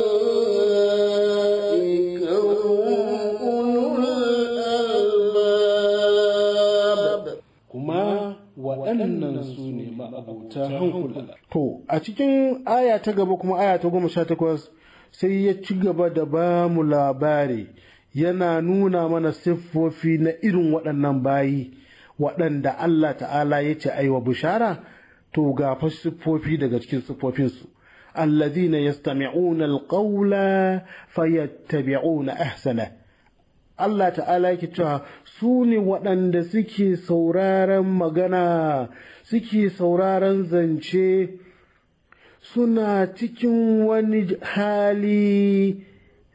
hankula. To, a cikin aya ta gaba kuma aya ta goma sha takwas sai ya ci gaba da ba mu labari yana nuna mana siffofi na irin waɗannan bayi waɗanda Allah ta'ala ya ce aiwa bishara to ga fa siffofi daga cikin siffofinsu. الذين يستمعون القول فيتبعون أحسنه Allah ta'ala yake cewa su ne waɗanda suke sauraron magana suke sauraron zance suna cikin wani hali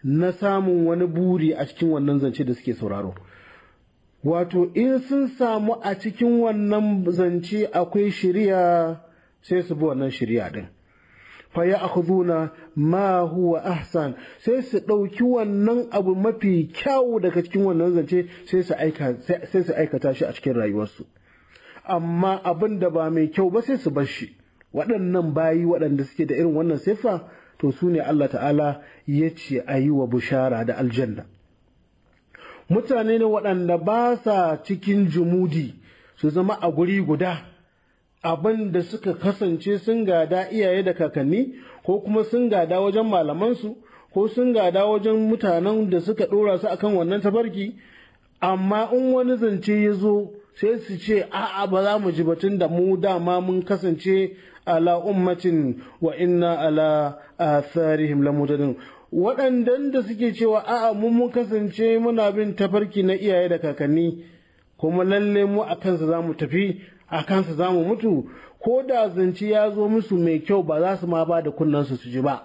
na samun wani buri a cikin wannan zance da suke sauraro wato in sun samu a cikin wannan zance akwai shirya sai su bi wannan shirya din fa ya akhuduna ma huwa ahsan sai su ɗauki wannan abu mafi kyawu daga cikin wannan zance sai su aikata shi a cikin rayuwarsu amma abin da ba mai kyau ba sai su bar shi waɗannan bayi waɗanda suke da irin wannan sifa to su ne Allah ta'ala ya ce a yi wa bushara da aljanna mutane ne waɗanda ba sa cikin jumudi su zama a guri guda abin da suka kasance sun gada iyaye da kakanni ko kuma sun gada wajen malamansu ko sun gada wajen mutanen da suka ɗora su akan wannan tabarki amma in wani zance ya zo sai su ce a'a ba za mu ji batun da mu dama mun kasance ala ummatin wa inna ala atharihim lamudadin waɗandan da suke cewa a'a mu mun kasance muna bin tafarki na iyaye da kakanni kuma lalle mu a kansa za mu tafi a kansa za mu mutu ko da zance ya zo musu mai kyau ba za su ma ba da kunnansu su ji ba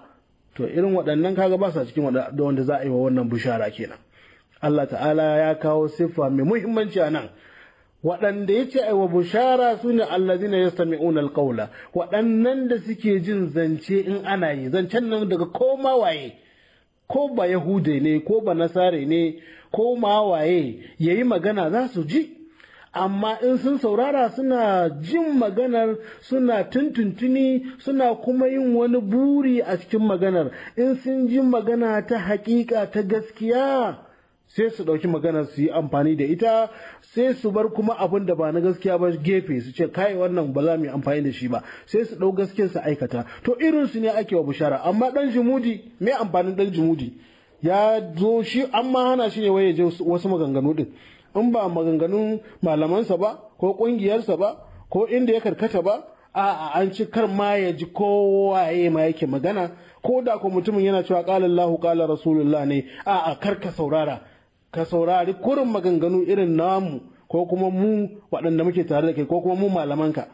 to irin waɗannan kaga ba su cikin wanda za a yi wa wannan bishara kenan Allah ta'ala ya kawo siffa mai muhimmanci a nan waɗanda ya ce wa bushara su ne allazina ya sami alƙaula waɗannan da suke jin zance in ana yi zancen nan daga ko waye ko ba yahude ne ko ba nasare ne ko ma ya yi magana za su ji amma in sun saurara suna jin maganar suna tuntuntuni suna kuma yin wani buri a cikin maganar in sun ji magana ta hakika ta gaskiya sai su ɗauki magana su yi amfani da ita sai su bar kuma abin da ba na gaskiya ba gefe su ce kai wannan ba za mu yi amfani da shi ba sai su ɗau gaskiyar su aikata to irin su ne ake wa bishara amma ɗan jimudi me amfanin dan jimudi ya zo shi an ma hana shi ne waye je wasu maganganu din in ba maganganun malamansa ba ko ƙungiyarsa ba ko inda ya karkata ba a'a an ci kar ma ya ji kowaye ma yake magana ko da ko mutumin yana cewa qala Allahu qala rasulullah ne a'a kar ka saurara ka saurari kurin maganganu irin namu ko kuma mu waɗanda muke tare da kai ko kuma mu malamanka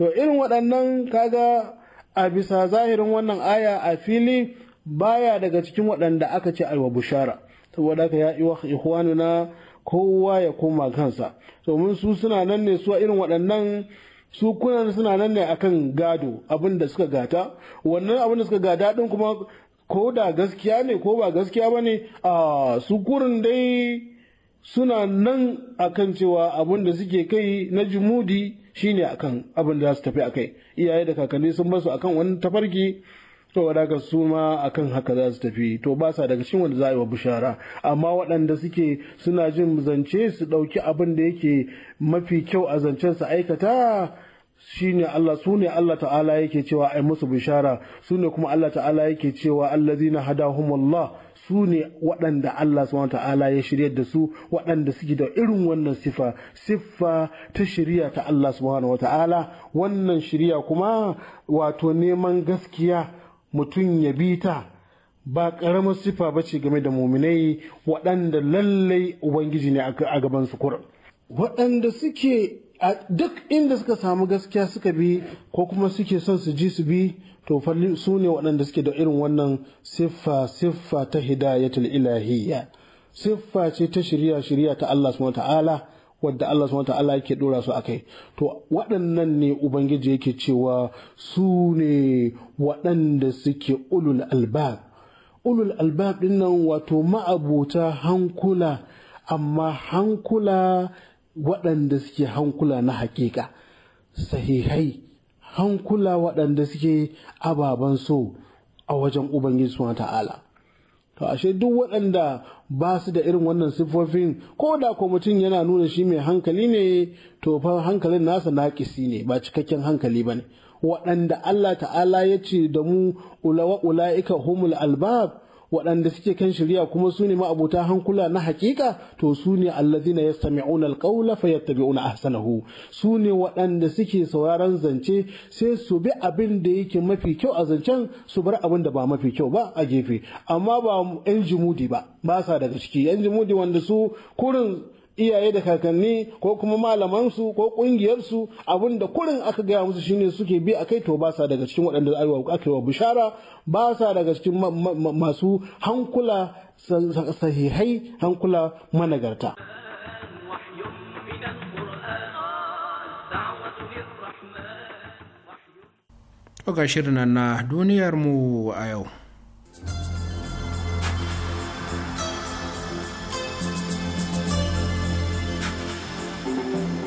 to irin waɗannan kaga a bisa zahirin wannan aya a fili baya daga cikin waɗanda aka ce aiwa bushara saboda haka ya iwa ikhwanuna kowa ya koma kansa domin su suna nan ne su irin waɗannan su kunan suna nan ne akan gado abin da suka gata wannan abin da suka gada din kuma ko da gaskiya ne ko ba gaskiya ba ne a sukurin dai suna nan akan cewa abin da suke kai na jimudi shine akan abin da za su tafi a kai. iyaye da kakanni sun basu akan wani tafarki to wadaka su ma akan haka za su tafi to ba sa daga cikin wanda za a yi wa bishara amma waɗanda suke suna jin zance su ɗauki abin da yake mafi kyau a zancen su aikata shine Allah su ne Allah ta'ala yake cewa ai musu bishara su ne kuma Allah ta'ala yake cewa allazina hadahumullah su ne waɗanda Allah subhanahu ta'ala ya shirya da su waɗanda suke da irin wannan sifa siffa ta shirya ta Allah subhanahu ta'ala wannan shirya kuma wato neman gaskiya mutum ya bi ta ba ƙaramar sifa ba ce game da muminai waɗanda lallai ubangiji ne a gabansu kurin waɗanda suke a duk inda suka samu gaskiya suka bi ko kuma suke son su ji su bi to falli su ne waɗanda suke da irin wannan siffa siffa ta hidayatul ilahiyya siffa ce ta shirya shirya ta Allah subhanahu ta'ala wadda Allah subhanahu ta'ala yake dora su akai to waɗannan ne ubangiji yake cewa su ne waɗanda suke ulul albab ulul albab dinnan wato ma'abuta hankula amma hankula waɗanda suke hankula na hakika sahihai hankula waɗanda suke ababen so a wajen ubangiji suna ta'ala to ashe duk waɗanda ba su da irin wannan siffofin ko da ko mutum yana nuna shi mai hankali ne to fa hankalin nasa kisi ne ba cikakken hankali ba ne waɗanda Allah ta'ala ya ce da mu ula'ika humul albab waɗanda suke kan shirya kuma su ne ma'abuta hankula na hakika to su ne allazina yastami'una alqawla fayattabi'una ahsanahu su ne waɗanda suke sauraron zance sai su bi abin da yake mafi kyau a zancen su bar abin da ba mafi kyau ba a gefe amma ba yan jimudi ba ba sa daga ciki yan jimudi wanda su kurin iyaye da kakanni ko kuma malamansu ko kungiyarsu abinda kurin aka gaya musu shine suke bi a kai to ba sa daga cikin waɗanda aka wa bishara ba sa daga cikin masu hankula sahihai hankula managarta ga shirin na duniyarmu a yau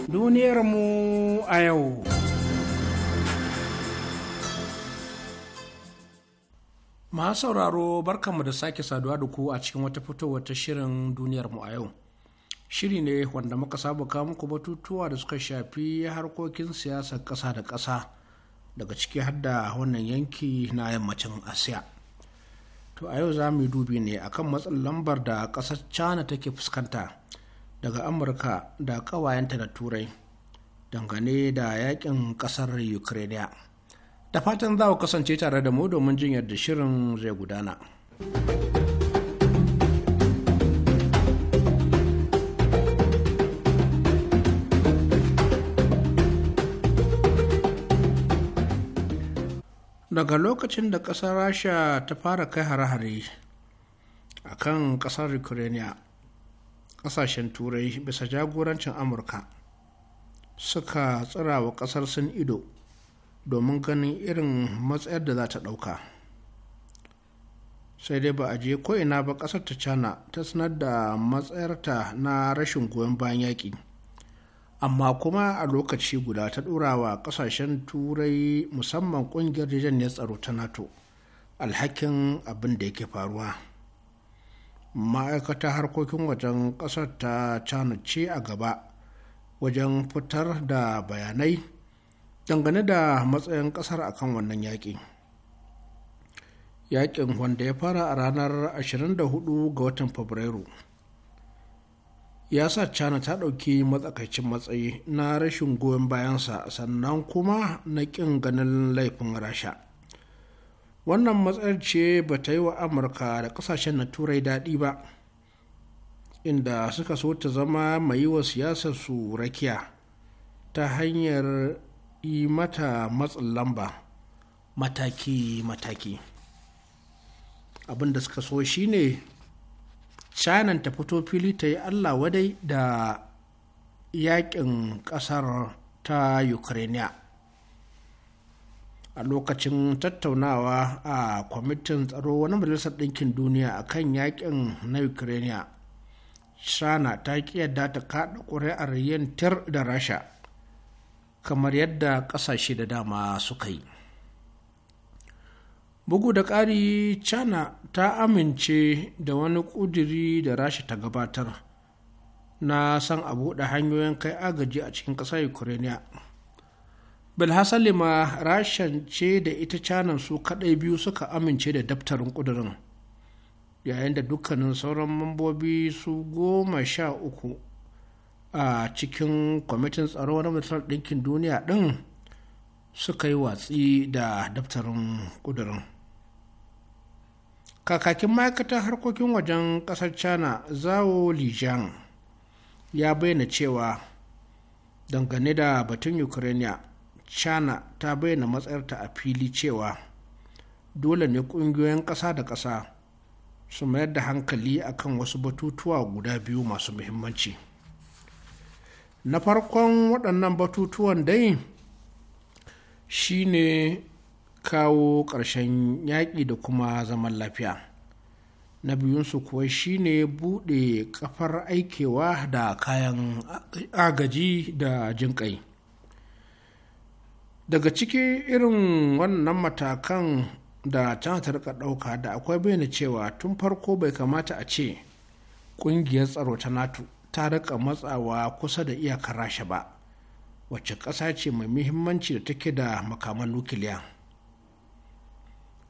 Duniyarmu a yau. ma sauraro barkanmu da sake saduwa da ku a cikin wata fitowar ta shirin duniyarmu a yau. Shiri ne wanda muka saba kawo muku batutuwa da suka shafi harkokin siyasar ƙasa da ƙasa daga ciki hadda wannan yanki na yammacin Asiya. To a yau za mu yi dubi ne akan matsin lambar da ƙasar China take fuskanta daga amurka da ƙawayenta da turai dangane da yakin ƙasar ukraine da fatan za ku kasance tare da mu domin jin yadda shirin zai gudana daga lokacin da ƙasar rasha ta fara kai hare-hare a kan ƙasar ukraine ƙasashen turai bisa jagorancin amurka suka tsira wa ƙasar sin ido domin ganin irin matsayar da za ta ɗauka sai dai ba a je ko'ina ba ƙasar ta china ta sanar da matsayarta na rashin goyon bayan yaƙi amma kuma a lokaci guda ta ɗora wa ƙasashen turai musamman ƙungiyar jijiyar tsaro ta nato alhakin abin da yake faruwa ma'aikatar harkokin wajen ƙasar ta canu ce a gaba wajen fitar da bayanai dangane da matsayin ƙasar a kan wannan yaƙi yaƙin wanda ya fara a ranar 24 ga watan fabrairu ya sa china ta ɗauki matsakaicin matsayi na rashin goyon bayansa sannan kuma na ƙin ganin laifin rasha wannan matsayar ce ba ta yi wa amurka da kasashen na turai daɗi ba inda suka so ta zama mai wa siyasar su rakiya ta hanyar yi mata matsin lamba mataki-mataki abinda suka so shine canan ta fito fili ta yi allah wadai da yakin kasar ta ukraine a lokacin tattaunawa a kwamitin tsaro wani majalisar ɗinkin duniya a kan yakin na ukraine shana ta yadda ta kaɗa ƙuri'ar yin tir da rasha kamar yadda ƙasashe da dama suka yi bugu da ƙari china ta amince da wani ƙudiri da rasha ta gabatar na san a buɗe hanyoyin kai agaji a cikin ƙasar ukraine bilhassali ma rashin ce da ita canan su kaɗai biyu suka amince da daftarin ƙudurin yayin da dukkanin sauran mambobi su goma sha uku a cikin kwamitin tsaro na majalisar ɗinkin duniya ɗin suka yi watsi da daftarin ƙudurin kakakin ma'aikatan harkokin wajen ƙasar china zawo lijiang ya bayyana cewa dangane da batun ukraine china ta bayyana matsayarta a fili cewa dole ne ƙungiyoyin ƙasa da ƙasa su mayar da hankali akan wasu batutuwa guda biyu masu muhimmanci na farkon waɗannan batutuwan dai shine kawo ƙarshen yaƙi da kuma zaman lafiya na biyunsu kuwa shine buɗe kafar aikewa da kayan agaji da jinƙai daga ciki irin wannan matakan da china ta rika ɗauka da akwai bayyana cewa tun farko bai kamata a ce ƙungiyar tsaro ta nato ta rika matsawa kusa da iyakar rasha ba wacce ƙasa ce mai muhimmanci da take da makaman nukiliya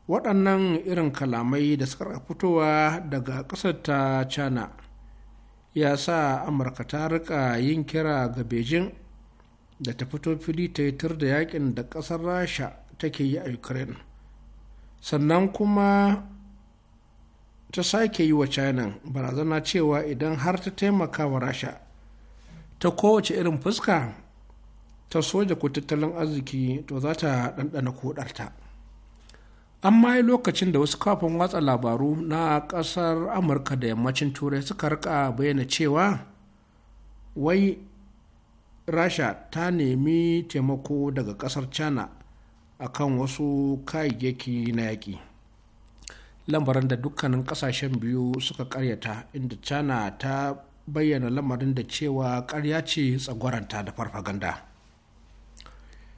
waɗannan irin kalamai da suka fitowa daga ƙasar ta china ya sa amurka ta rika yin kira ga beijing da ta fito fili ta yi tur da yakin da ƙasar rasha take yi a ukraine sannan kuma ta sake yi wa china barazana cewa idan har ta taimaka wa rasha ta kowace irin fuska ta soja ko tattalin arziki to za ta ɗanɗana koɗarta. amma yi lokacin da wasu kafin watsa labaru na ƙasar amurka da yammacin turai suka rika bayyana cewa wai rasha ta nemi taimako daga kasar china a kan wasu kayayyaki na yaƙi lamarin da dukkanin kasashen biyu suka karyata inda china ta bayyana lamarin da cewa karya ce tsagwaranta da farfaganda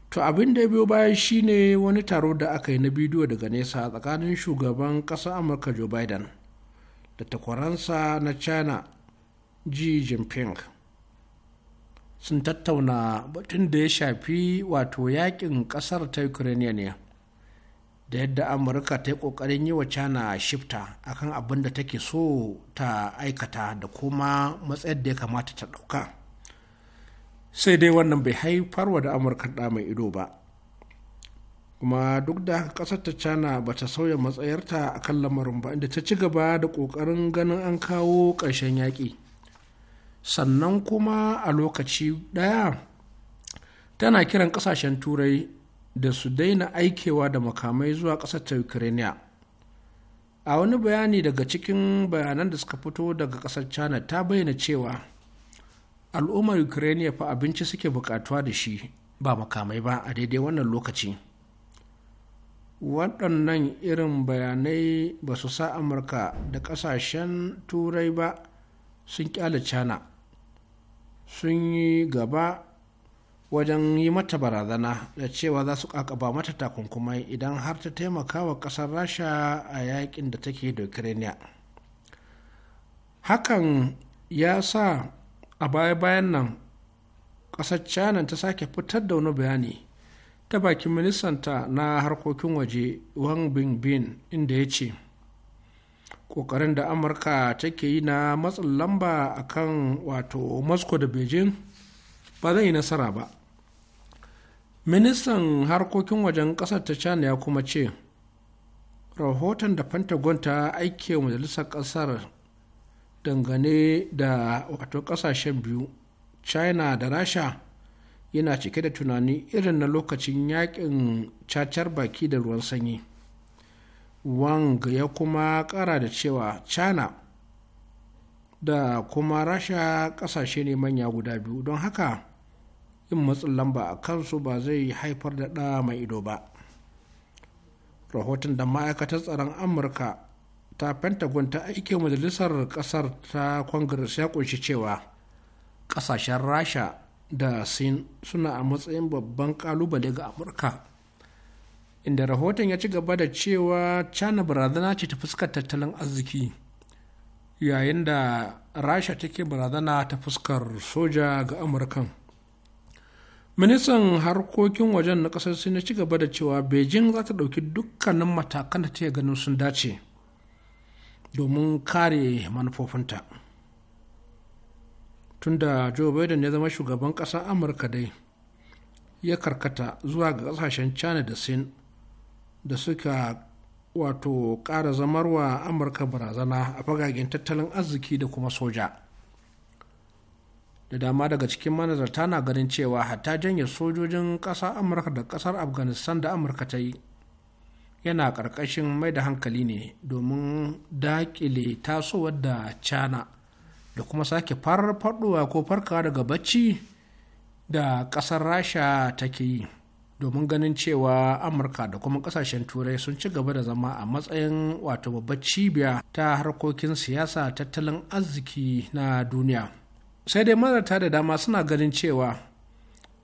to abin da biyo baya shine wani taro da aka yi na bidiyo daga nesa tsakanin shugaban ƙasar amurka joe biden da takwaransa na china ji jinping sun tattauna batun da ya shafi wato yakin kasar ta ukraine ne da yadda amurka ta yi kokarin yi wa china shifta akan abin da take so ta aikata da kuma matsayar da ya kamata ta dauka sai dai wannan bai haifarwa da amurka da mai ido ba kuma duk da kasar ta china ba ta sauya matsayarta akan lamarin ba inda ta ci gaba da kokarin ganin an kawo ƙarshen yaƙi sannan kuma a lokaci ɗaya tana kiran ƙasashen turai da su daina aikewa da makamai zuwa ƙasar ta ukraine a wani bayani daga cikin bayanan da suka fito daga ƙasar china ta bayyana cewa al'ummar ukraine fa abinci suke buƙatuwa da shi ba makamai ba a daidai wannan lokaci waɗannan irin bayanai ba su sa amurka da ƙasashen turai ba sun kyale china sun yi gaba wajen yi mata barazana da cewa za su kakaba mata takunkumai idan har ta taimaka wa kasar rasha a yakin da take da ukraine hakan ya sa a baya-bayan nan kasar china ta sake fitar da wani bayani ta bakin ministanta na harkokin waje wang bingbin inda ya ce kokarin da amurka take yi na matsin lamba a kan wato moscow da beijing ba zai yi nasara ba ministan harkokin wajen kasar ta china ya kuma ce rahoton da pentagon ta aike majalisar kasar dangane da wato kasashen biyu china da rasha yana cike da tunani irin na lokacin yakin cacar baki da ruwan sanyi wang ya kuma kara da cewa china da kuma rasha kasashe ne manya guda biyu don haka yin matsin lamba a kansu ba zai haifar da ɗa mai ido ba rahoton da ma'aikatar tsaron amurka ta pentagon ta aike majalisar kasar ta congress ya kunshi cewa kasashen rasha da sin suna a matsayin babban kalubale ga amurka inda rahoton ya ci gaba da cewa china barazana ce ta fuskar tattalin arziki yayin da rasha take barazana ta fuskar soja ga amurkan ministan harkokin wajen na kasar sun ci gaba da cewa beijing za ta ɗauki dukkanin matakan da ta ganin sun dace domin kare manufofinta tunda joe biden ya zama shugaban ƙasar amurka dai ya karkata zuwa ga ƙasashen china da sin da suka wato ƙara zamarwa amurka barazana a fagagen tattalin arziki da kuma soja da dama daga cikin manazarta na ganin cewa hatta janye sojojin ƙasa amurka da ƙasar afghanistan da amurka ta yi yana ƙarƙashin mai da hankali ne domin daƙile tasowar da cana da kuma sake farfaɗowa ko farkawa daga bacci da ƙasar rasha take yi domin ganin cewa amurka da kuma kasashen turai sun ci gaba da zama a matsayin wato babbar cibiya ta harkokin siyasa tattalin arziki na duniya sai dai mazarta da dama suna ganin cewa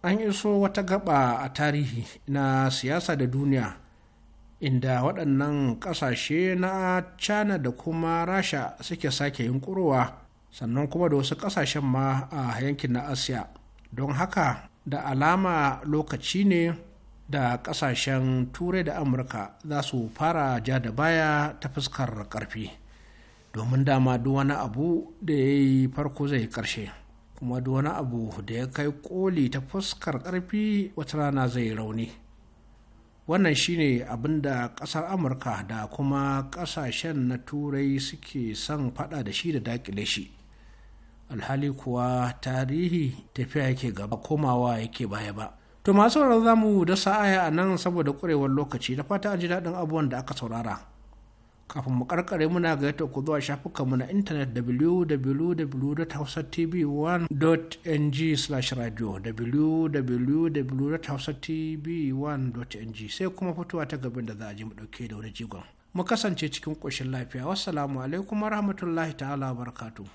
an iso wata gaba a tarihi na siyasa da duniya inda waɗannan ƙasashe na china da kuma rasha suke sake yunkurowa sannan kuma da wasu ƙasashen ma a yankin na asiya don haka da alama lokaci ne da kasashen turai da amurka za su fara ja da baya ta fuskar karfi domin dama duk wani abu da ya yi farko zai karshe kuma duk wani abu da ya kai koli ta fuskar karfi wata rana zai rauni wannan shine abin da kasar amurka da kuma kasashen na turai suke son fada da shi da dakile shi alhali kuwa tarihi tafiya yake gaba komawa yake baya ba To masu sauraro za mu dasa aya a nan saboda ƙwarewar lokaci da fata a ji daɗin abubuwan da aka saurara. Kafin mu karkare muna ga yadda ku zuwa shafukanmu na intanet www.hausatv1.ng/radio www.hausatv1.ng sai kuma fitowa ta gabin da za a ji mu ɗauke da wani jigon. Mu kasance cikin ƙoshin lafiya. Wassalamu alaikum warahmatullahi ta'ala barakatu.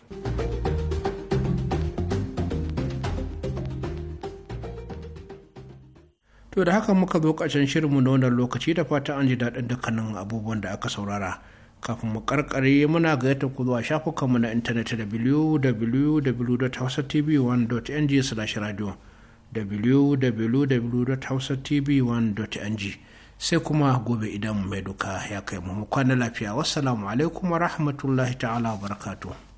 to da haka muka zo ƙarshen shirinmu na wannan lokaci da fata an ji daɗin dukkanin abubuwan da aka saurara kafin mu karkare muna gayyata ku zuwa shafukanmu na intanet www.hausatv1.ng/radio www.hausatv1.ng sai kuma gobe idan mai duka ya kai mu kwana lafiya wassalamu alaikum wa rahmatullahi ta'ala wa barakatuh